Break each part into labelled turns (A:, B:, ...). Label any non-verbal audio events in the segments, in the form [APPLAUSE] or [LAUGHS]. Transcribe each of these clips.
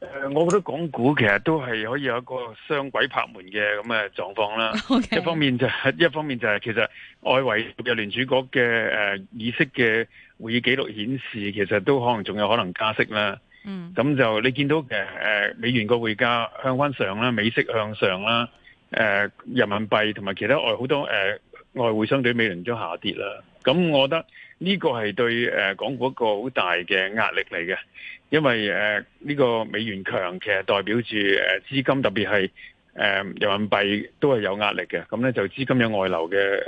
A: 誒、呃，我覺得港股其實都係可以有一個雙鬼拍門嘅咁嘅狀況啦、okay. 一就是。一方面就係，一方面就係，其實外圍嘅聯儲局嘅誒，意識嘅會議記錄顯示，其實都可能仲有可能加息啦。嗯，咁就你見到誒誒、呃，美元個匯價向翻上啦，美息向上啦，誒、呃，人民幣同埋其他外好多誒、呃、外匯相對美元都下跌啦。咁我覺得。呢個係對誒港股一個好大嘅壓力嚟嘅，因為誒呢個美元強其實代表住誒資金，特別係誒人民幣都係有壓力嘅。咁咧就資金有外流嘅誒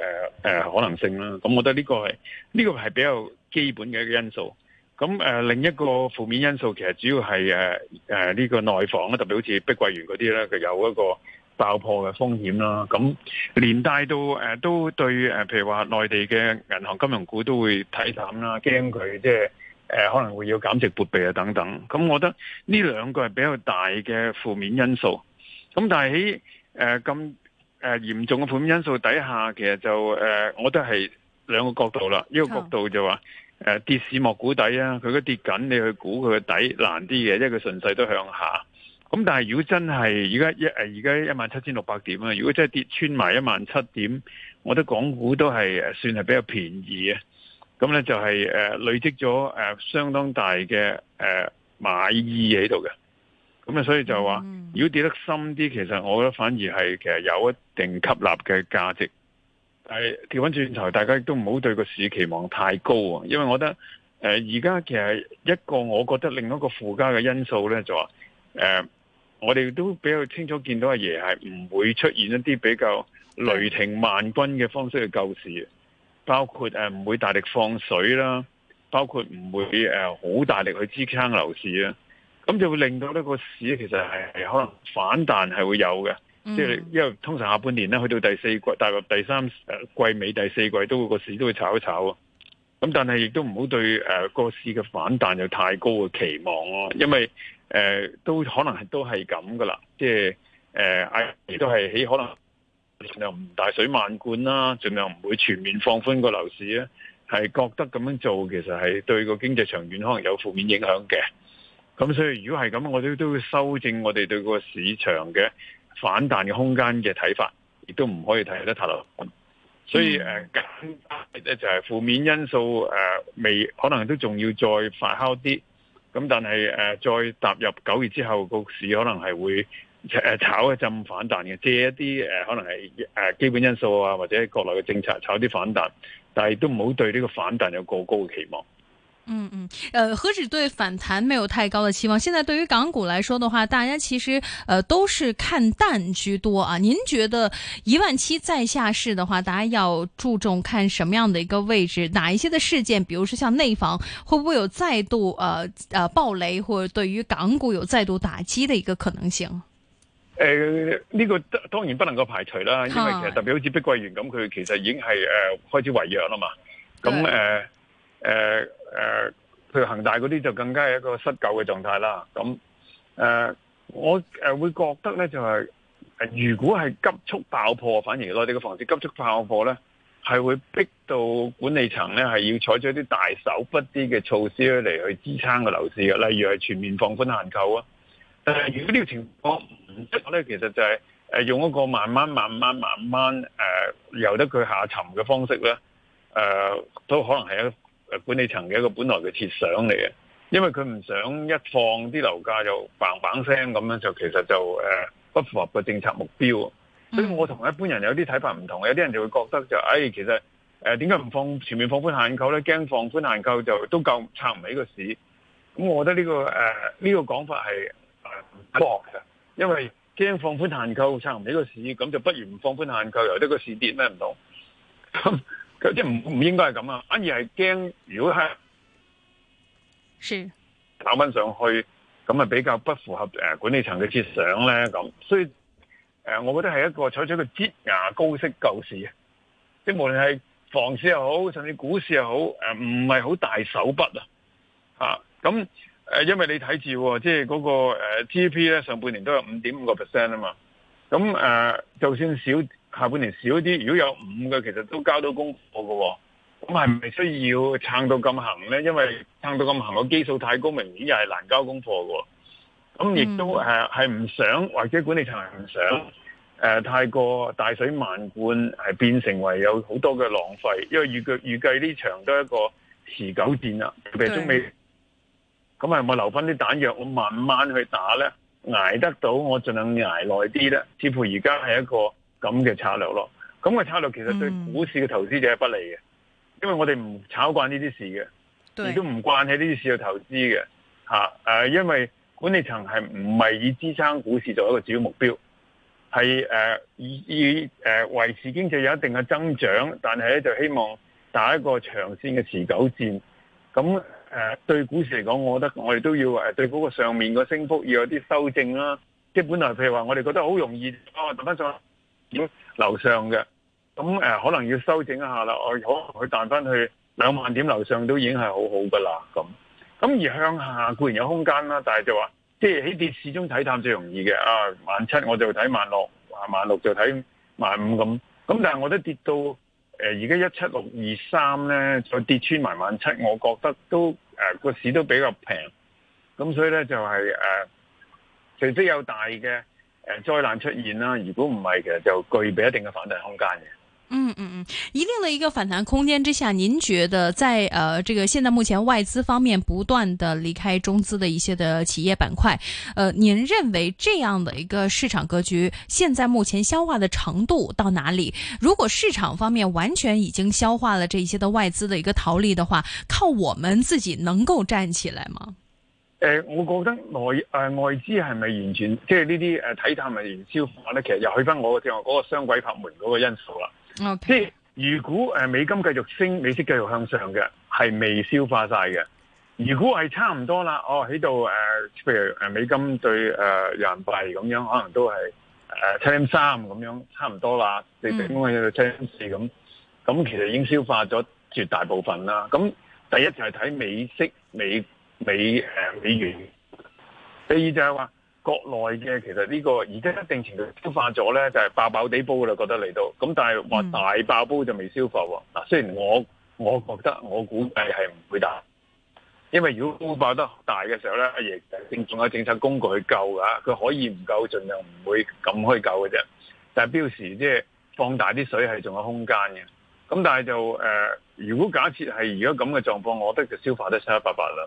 A: 誒可能性啦。咁我覺得呢個係呢個係比較基本嘅一個因素。咁誒另一個負面因素其實主要係誒誒呢個內房咧，特別好似碧桂園嗰啲咧，佢有一個爆破嘅風險啦，咁連帶到誒、呃、都對誒，譬如話內地嘅銀行金融股都會睇淡啦，驚佢即係誒可能會要減值撥備啊等等。咁我覺得呢兩個係比較大嘅負面因素。咁但係喺誒咁誒嚴重嘅負面因素底下，其實就誒、呃，我覺得係兩個角度啦。一個角度就話、是、誒、呃、跌市莫估底啊，佢都跌緊，你去估佢嘅底難啲嘅，因為佢順勢都向下。咁、嗯、但係如果真係而家一誒，而家一萬七千六百點啊，如果真係跌穿埋一萬七點，我覺得港股都係誒算係比較便宜嘅，咁咧就係誒累積咗誒相當大嘅誒買意喺度嘅，咁啊所以就話、嗯、如果跌得深啲，其實我覺得反而係其實有一定吸納嘅價值。但係調返轉頭，大家亦都唔好對個市期望太高啊，因為我覺得誒而家其實一個我覺得另一個附加嘅因素咧就話誒。呃我哋都比較清楚見到阿、啊、爺係唔會出現一啲比較雷霆萬鈞嘅方式去救市，包括誒唔、呃、會大力放水啦，包括唔會誒好、呃、大力去支撐樓市啦，咁就會令到呢個市其實係可能反彈係會有嘅，即、嗯、因為通常下半年咧去到第四季，大概第三季尾第四季都會個市都會炒一炒啊，咁、嗯、但係亦都唔好對誒個、呃、市嘅反彈有太高嘅期望咯、啊，因為。誒、呃、都可能係都係咁噶啦，即係誒、呃，都係喺可能儘量唔大水漫灌啦、啊，儘量唔會全面放寬個樓市咧、啊，係覺得咁樣做其實係對個經濟長遠可能有負面影響嘅。咁所以如果係咁，我哋都要修正我哋對個市場嘅反彈嘅空間嘅睇法，亦都唔可以睇得太落。所以誒，簡、呃、單就係、是、負面因素誒、呃，未可能都仲要再發酵啲。咁但係誒、呃、再踏入九月之後，個市可能係會誒炒一陣反彈嘅，借一啲誒、呃、可能係誒基本因素啊，或者國內嘅政策，炒啲反彈，但係都唔好對呢個反彈有過高嘅期望。
B: 嗯嗯，呃，何止對反彈沒有太高的期望？現在對於港股來說的話，大家其實呃都是看淡居多啊。您覺得一萬七再下市的話，大家要注重看什麼樣的一個位置？哪一些的事件，比如說像內房，會不會有再度呃呃暴雷，或者對於港股有再度打擊的一個可能性？
A: 呃呢、呢個當然不能夠排除啦，因為其實特別好似碧桂園咁，佢其實已經係呃開始違約了嘛。咁、嗯誒、呃，譬如恒大嗰啲就更加係一個失救嘅狀態啦。咁誒、呃，我誒、呃、會覺得咧就係、是、誒、呃，如果係急速爆破，反而內地嘅房子急速爆破咧，係會逼到管理層咧係要採取一啲大手筆啲嘅措施嚟去支撐個樓市嘅，例如係全面放寬限購啊。但、呃、係如果呢個情況唔得咧，其實就係、是、誒、呃、用一個慢慢，慢、慢，慢慢、慢慢誒由得佢下沉嘅方式咧，誒、呃、都可能係一個。管理層嘅一個本來嘅設想嚟嘅，因為佢唔想一放啲樓價就砰砰聲咁樣，就其實就誒不符合個政策目標。所以我同一般人有啲睇法唔同，有啲人就會覺得就誒、哎，其實誒點解唔放全面放寬限購咧？驚放寬限購就都夠撐唔起個市。咁我覺得呢、這個誒呢、這個講法係錯嘅，因為驚放寬限購撐唔起個市，咁就不如唔放寬限購，由得個市跌咩唔同。即係唔唔應該係咁啊，反而係驚如果係跑翻上去，咁啊比較不符合誒管理層嘅設想咧。咁所以誒，我覺得係一個採取，取一個擠牙膏式救市，即係無論係房市又好，甚至股市又好，誒唔係好大手筆啊。吓咁誒，因為你睇住即係嗰個誒 GDP 咧，上半年都有五點五個 percent 啊嘛。咁誒，就算少。下半年少啲，如果有五個，其實都交到功課嘅、哦，咁係咪需要撐到咁行咧？因為撐到咁行嘅基數太高，明年又係難交功課喎。咁亦都誒係唔想或者管理層係唔想、嗯呃、太過大水漫灌，係變成為有好多嘅浪費。因為預計預計呢場都係一個持久戰啦，特別係中美。咁係咪留翻啲彈藥，我慢慢去打咧？捱得到，我儘量捱耐啲咧。似乎而家係一個。咁嘅策略咯，咁嘅策略其實對股市嘅投資者係不利嘅，嗯，因為我哋唔炒慣呢啲事嘅，亦都唔慣喺呢啲事去投資嘅吓。誒，啊，因為管理層係唔係以支撐股市作為一個主要目標，係誒，啊，以以誒維持經濟有一定嘅增長，但係咧就希望打一個長線嘅持久戰。咁，啊，誒對股市嚟講，我覺得我哋都要誒對嗰個上面個升幅要有啲修正啦，啊。即係本來譬如話我哋覺得好容易，上，啊。樓上嘅，咁誒、呃、可能要修整一下啦。我可能去彈翻去兩萬點樓上都已經係好好噶啦。咁咁而向下固然有空間啦，但係就話即係喺跌市中睇淡最容易嘅。啊，萬七我就睇萬六、啊，萬六就睇萬五咁。咁但係我都跌到誒，而家一七六二三咧，再跌穿埋萬七，我覺得都誒個、呃、市都比較平。咁所以咧就係、是、誒，呃、除非有大嘅。誒，災難出現啦！如果唔係嘅，其實就具備一定嘅反彈空間嘅。嗯嗯
B: 嗯，一定的一個反彈空間之下，您覺得在呃這個現在目前外資方面不斷的離開中資的一些的企業板塊，呃，您認為這樣的一個市場格局，現在目前消化的程度到哪裏？如果市場方面完全已經消化了這一些的外資的一個逃離的話，靠我們自己能夠站起來嗎？
A: 誒、呃，我覺得、呃、外誒外資係咪完全即係、呃、呢啲誒，睇係咪完全消化咧？其實又去翻我正話嗰個雙鬼拍門嗰個因素啦。Okay. 即係如果誒、呃、美金繼續升，美息繼續向上嘅，係未消化晒嘅。如果係差唔多啦，哦喺度誒，譬、呃、如誒、呃、美金對誒、呃、人民幣咁樣，可能都係誒七點三咁樣，差唔多啦。你哋應該喺度七點四咁，咁、呃、其實已經消化咗絕大部分啦。咁第一就係睇美息美。美誒、呃、美元，第二就係話國內嘅，其實呢個而家一定程度消化咗咧，就係爆爆地煲啦。覺得嚟到咁，但係話大爆煲就未消化喎。嗱，雖然我我覺得我估計係唔會大，因為如果煲爆得大嘅時候咧，亦政仲有政策工具去救噶，佢可以唔夠，盡量唔會咁開救嘅啫。但係標示即係放大啲水係仲有空間嘅。咁但係就誒，如、呃、果假設係如果咁嘅狀況，我覺得就消化得七七八八啦。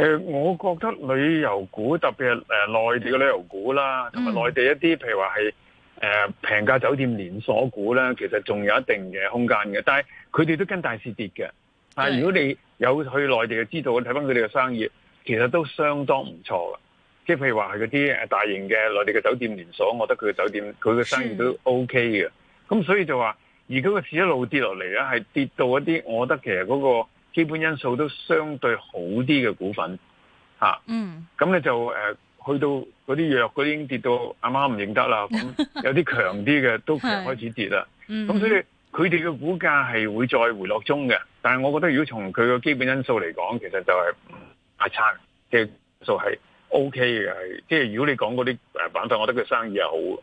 A: 呃、我覺得旅遊股特別係誒、呃、內地嘅旅遊股啦，同埋內地一啲、嗯、譬如話係誒平價酒店連鎖股咧，其實仲有一定嘅空間嘅。但係佢哋都跟大市跌嘅。但係如果你有去內地嘅知道，睇翻佢哋嘅生意，其實都相當唔錯嘅。即係譬如話係嗰啲大型嘅內地嘅酒店連鎖，我覺得佢嘅酒店佢嘅生意都 OK 嘅。咁、嗯嗯、所以就話，而個市一路跌落嚟咧，係跌到一啲，我覺得其實嗰、嗰個，基本因素都相對好啲嘅股份，咁、嗯、咧、啊、就、呃、去到嗰啲藥嗰啲已經跌到阿媽唔認得啦，咁有啲強啲嘅都開始跌啦，咁所以佢哋嘅股價係會再回落中嘅，但係我覺得如果從佢嘅基本因素嚟講，其實就係阿差嘅數係 OK 嘅，即係如果你講嗰啲誒板塊，我覺得佢生意又好。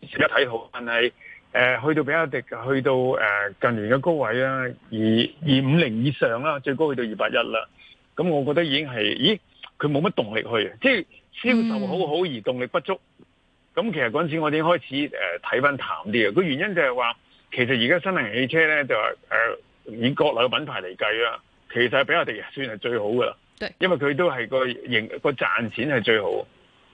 A: 一睇好，但係誒、呃、去到比亞迪去到誒、呃、近年嘅高位啦，二二五零以上啦，最高去到二百一啦。咁我覺得已經係，咦，佢冇乜動力去，即係銷售好好而動力不足。咁、嗯、其實嗰陣時我已經開始誒睇翻淡啲嘅，個原因就係話，其實而家新能汽車咧就係誒、呃、以國內嘅品牌嚟計啦，其實比亞迪算係最好噶啦，因為佢都係個盈個賺錢係最好。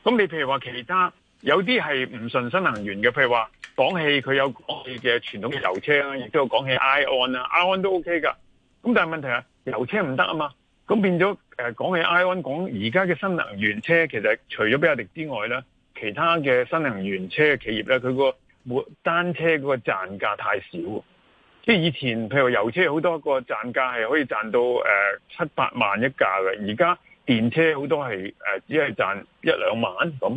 A: 咁你譬如話其他。有啲係唔信新能源嘅，譬如話，廣汽，佢有廣汽嘅傳統嘅油車亦都有廣汽 ION 啊，ION 都 OK 㗎。咁但係問題係油車唔得啊嘛，咁變咗講廣汽 ION 講而家嘅新能源車，其實除咗比亞迪之外咧，其他嘅新能源車嘅企業咧，佢個每單車嗰個賺價太少。即係以前譬如油車好多個賺價係可以賺到、呃、七八萬一架嘅，而家電車好多係、呃、只係賺一兩萬咁。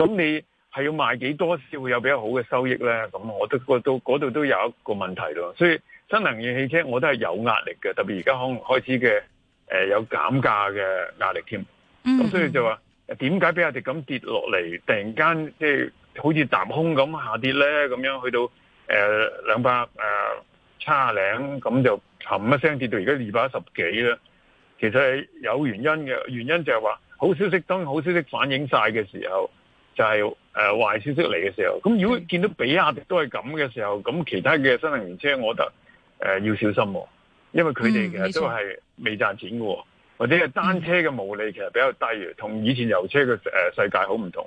A: 咁你係要賣幾多先會有比較好嘅收益咧？咁我都嗰度都，都有一個問題咯，所以新能源汽車我都係有壓力嘅，特別而家可能開始嘅、呃、有減價嘅壓力添。咁所以就話點解比亞迪咁跌落嚟，突然間即係、就是、好似踏空咁下跌咧？咁樣去到誒兩百誒差零咁就冚一聲跌到而家二百一十幾啦。其實係有原因嘅，原因就係話好消息當好消息反映晒嘅時候。就係誒壞消息嚟嘅時候，咁如果見到比亞迪都係咁嘅時候，咁其他嘅新能源車，我覺得誒、呃、要小心、哦，因為佢哋其實都係未賺錢嘅、哦，或者係單車嘅毛利其實比較低，同以前油車嘅誒、呃、世界好唔同。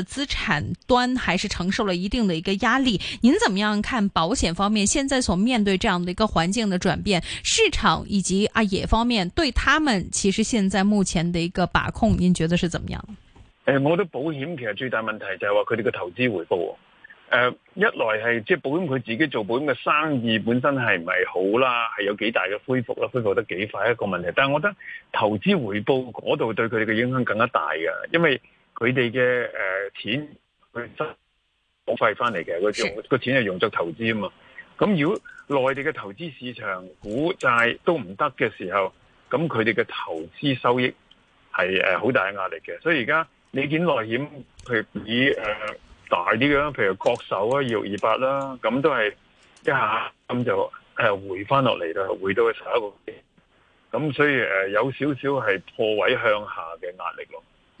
B: 資產端還是承受了一定的一個壓力，您怎麼樣看保險方面現在所面對這樣的一個環境的轉變？市場以及阿、啊、野方面對他們其實現在目前的一個把控，您覺得是怎麼樣、
A: 呃？誒，我覺得保險其實最大問題就係話佢哋嘅投資回報、啊。誒、呃，一來係即係保險佢自己做保險嘅生意本身係唔係好啦，係有幾大嘅恢復啦，恢復得幾快一個問題。但係我覺得投資回報嗰度對佢哋嘅影響更加大嘅、啊，因為。佢哋嘅誒錢，佢收保費翻嚟嘅，佢用個錢係用作投資啊嘛。咁如果內地嘅投資市場股債都唔得嘅時候，咁佢哋嘅投資收益係誒好大嘅壓力嘅。所以而家你見內險，譬如誒大啲嘅，譬如國壽啊、二六二八啦，咁都係一下咁就誒回翻落嚟啦，回到嘅上一個，咁所以誒、呃、有少少係破位向下嘅壓力咯。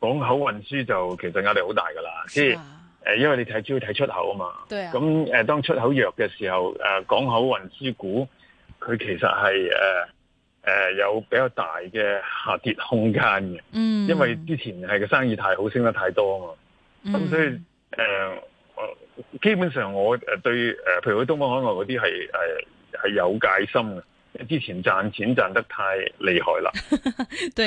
A: 港口運輸就其實壓力好大噶啦，即係、啊呃、因為你睇主要睇出口啊嘛。對啊。咁、啊、誒、呃，當出口弱嘅時候、呃，港口運輸股佢其實係誒、呃呃、有比較大嘅下跌空間嘅。嗯。因為之前係個生意太好，升得太多啊嘛。
B: 咁、嗯、所以
A: 誒、呃呃，基本上我對、呃、譬如去東方海外嗰啲係係有戒心嘅。之前賺錢賺得太厲害啦 [LAUGHS] ，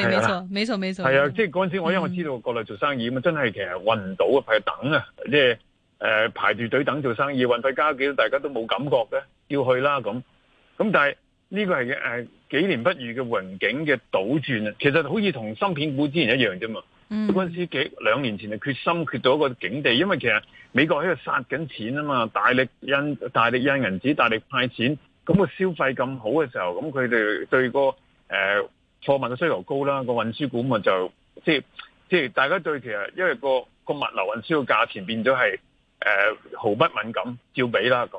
B: 冇錯，啊，係啊，即係
A: 嗰陣時我因為我知道國內做生意嘛，嗯、真係其實運唔到啊，排、嗯、等啊，即係誒、呃、排住隊等做生意，運費加幾多大家都冇感覺嘅，要去啦咁。咁但係呢個係誒、呃、幾年不遇嘅環境嘅倒轉啊，其實好似同芯片股之前一樣啫嘛。嗰、嗯、陣時幾兩年前就決心決到一個境地，因為其實美國喺度殺緊錢啊嘛，大力印大力印，大力印銀紙，大力派錢。咁個消費咁好嘅時候，咁佢哋對、個誒、呃、貨物嘅需求高啦，個運輸股咪就即即、即係、大家對其實因為、個個物流運輸嘅價錢變咗係誒毫不敏感，照比啦咁。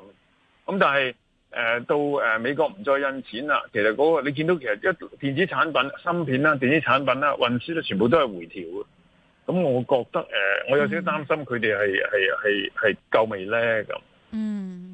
A: 咁但係誒、呃、到誒美國唔再印錢啦，其實嗰、個你見到其實一電子產品、芯片啦、電子產品啦、運輸都全部都係回調嘅。咁我覺得誒、呃，我有少少擔心佢哋係係係係夠未咧咁。嗯。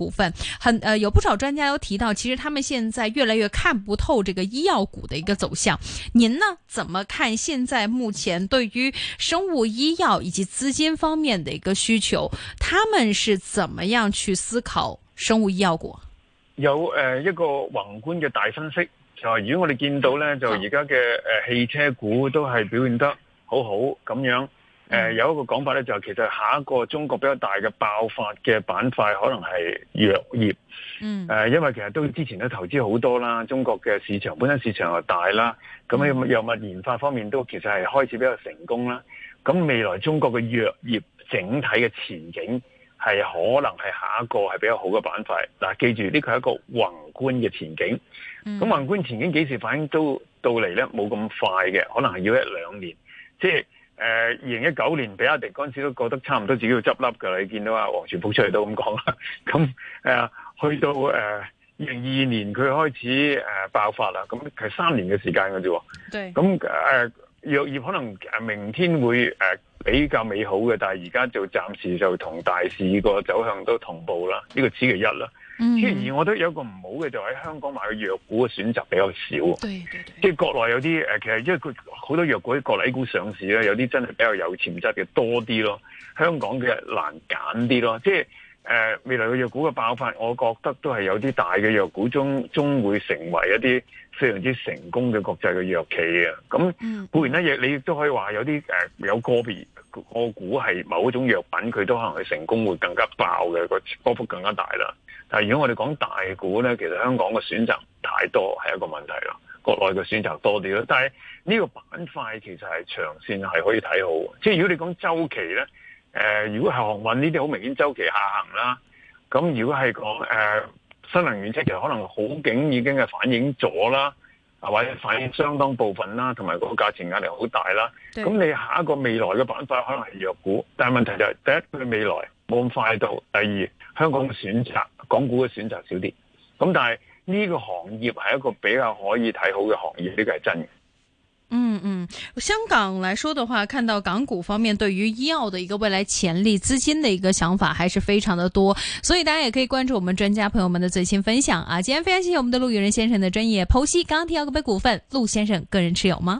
B: 股份很呃，有不少專家都提到，其實他們現在越來越看不透這個醫藥股的一個走向。您呢，怎麼看現在目前對於生物醫藥以及資金方面的一個需求，他們是怎麼樣去思考生物醫藥股？
A: 有誒、呃、一個宏觀嘅大分析，就係如果我哋見到呢，就而家嘅誒汽車股都係表現得好好咁樣。誒、呃，有一個講法咧，就係其實下一個中國比較大嘅爆發嘅板塊，可能係藥業。嗯。誒、呃，因為其實都之前都投資好多啦，中國嘅市場本身市場又大啦，咁樣藥物研發方面都其實係開始比較成功啦。咁未來中國嘅藥業整體嘅前景係可能係下一個係比較好嘅板塊。嗱，記住呢個係一個宏觀嘅前景。咁宏觀前景幾時反映都到嚟咧？冇咁快嘅，可能係要一兩年，即係。誒二零一九年比亞迪嗰陣時都覺得差唔多自己要執笠㗎啦，你見到阿王傳福出嚟都咁講，咁誒去到誒二零二二年佢開始爆發啦，咁其實三年嘅時間嘅啫，咁誒藥業可能明天會比較美好嘅，但係而家就暫時就同大市個走向都同步啦，呢個此其一啦。咁而我覺得有一個唔好嘅，就喺、是、香港買嘅藥股嘅選擇比較少。即係國內有啲誒、呃，其實因為佢好多藥股喺國內 A 股上市咧，有啲真係比較有潛質嘅多啲咯。香港嘅難揀啲咯，即係誒未來嘅藥股嘅爆發，我覺得都係有啲大嘅藥股中，終會成為一啲非常之成功嘅國際嘅藥企嘅。咁、嗯、固然咧，亦你亦都可以話有啲誒、呃、有個別個股係某一種藥品，佢都可能佢成功會更加爆嘅個波幅更加大啦。但係如果我哋講大股咧，其實香港嘅選擇唔太多係一個問題啦。國內嘅選擇多啲咯，但係呢個板塊其實係長線係可以睇好。即係如果你講周期咧，誒、呃、如果係航運呢啲好明顯週期下行啦。咁如果係講誒新能源車，其實可能好景已經係反映咗啦，啊或者反映相當部分啦，同埋個價錢壓力好大啦。咁你下一個未來嘅板塊可能係弱股，但係問題就係、是、第一佢未來冇咁快到，第二。香港嘅選擇，港股嘅選擇少啲，咁、嗯、但係呢個行業係一個比較可以睇好嘅行業，呢、這個係真嘅。嗯
B: 嗯，香港來說的話，看到港股方面對於醫藥的一個未來潛力，資金的一個想法還是非常的多，所以大家也可以關注我們專家朋友們的最新分享啊！今天非常謝謝我們的陸羽仁先生的專業剖析，剛提到個股份，陸先生個人持有嗎？